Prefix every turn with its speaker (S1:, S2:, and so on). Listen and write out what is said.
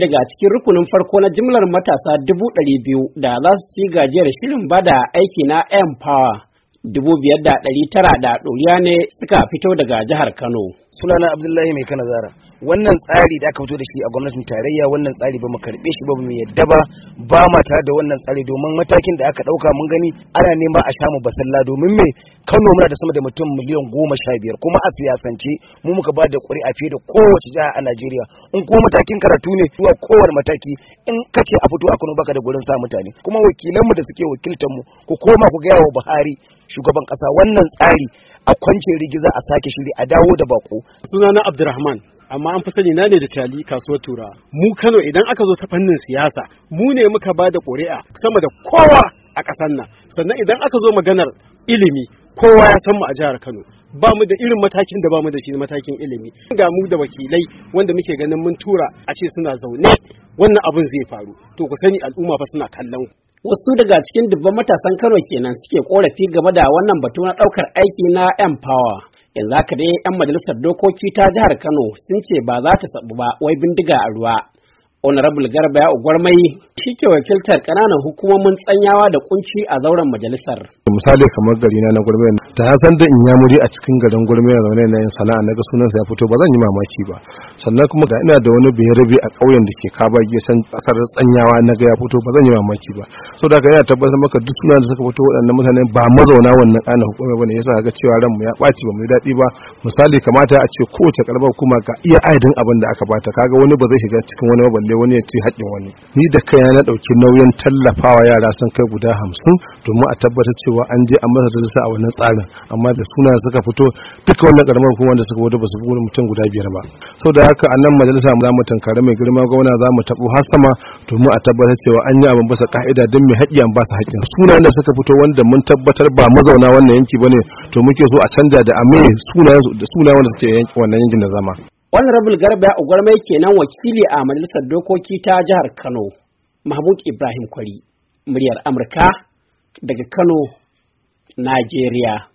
S1: daga cikin rukunin farko na jimlar matasa dubu ɗari biyu da za su ci gajiyar shirin bada aiki na empower dubu biyar da ɗari tara da ɗoriya ne suka fito daga jihar Kano. Sunana Abdullahi Mai Kana Zara. Wannan tsari da aka fito da shi a gwamnatin tarayya
S2: wannan tsari ba mu karɓe shi ba mu yadda ba ba ma tare da wannan tsari domin matakin da aka ɗauka mun gani ana nema a sha mu basalla domin me Kano muna da sama da mutum miliyan goma sha biyar kuma a siyasance mu muka ba da ƙuri'a fiye da kowace jiha a Najeriya in kuma matakin karatu ne zuwa kowane mataki in ka ce a fito a Kano baka da gurin sa mutane kuma wakilanmu da suke wakiltar mu ku koma ku gaya wa Buhari shugaban ƙasa wannan tsari a kwance rigiza a sake shiri
S3: a dawo da bako sunana abdurrahman amma an fi sani na ne da cali kasuwar tura mu kano idan aka zo ta fannin siyasa mu ne muka ba da ƙuri'a sama da kowa a ƙasar nan sannan idan aka zo maganar ilimi kowa ya san mu a jihar Kano ba mu da irin matakin da ba mu da shi matakin ilimi ga mu da wakilai wanda muke ganin mun tura a ce suna zaune wannan abin zai faru to ku sani al'umma fa suna kallon wasu daga cikin dubban matasan
S1: Kano kenan suke korafi game da wannan batu na daukar aiki na empower yanzu haka dai yan majalisar dokoki ta jihar Kano sun ce ba za ta sabu ba wai bindiga a ruwa honorable garba ya ugwarmai shi ke wakiltar kananan hukumomin tsanyawa da kunci a zauren majalisar
S4: misali kamar gari na gwarmai ta san da in ya muri a cikin garin gwarmai na zaune na yin sana'a na ga sunansa ya fito ba zan yi mamaki ba sannan kuma da ina da wani bayarabe a ƙauyen da ke kaba san kasar tsanyawa na ga ya fito ba zan yi mamaki ba sau da yana tabbatar maka duk sunan da suka fito waɗannan mutane ba mazauna wannan ƙananan hukumai ba ne yasa ga cewa ranmu ya ɓaci ba mu yi daɗi ba misali kamata a ce kowace ƙarbar kuma ka iya aidin abin da aka bata kaga wani ba zai shiga cikin wani balle kada wani ya ci haƙƙin wani ni da kai na dauki nauyin tallafawa yara sun kai guda hamsin domin a tabbatar cewa an je an masa rajista a wannan tsarin amma da suna suka fito duka wannan karamar kuma wanda suka wada ba su gudu mutum guda biyar ba sau da haka a nan majalisa za mu tankare mai girma gwamna za mu taɓo har sama domin a tabbatar cewa an yi abin basa ka'ida don mai haƙƙi an ba su haƙƙin suna da suka fito wanda mun tabbatar ba mazauna wannan yanki ba ne to muke so a canja da a mai wanda suke wannan yankin da zama
S1: honorable garba ugwarmai kenan wakili a majalisar dokoki ta jihar kano mahmud ibrahim kwari muryar amurka daga kano najeriya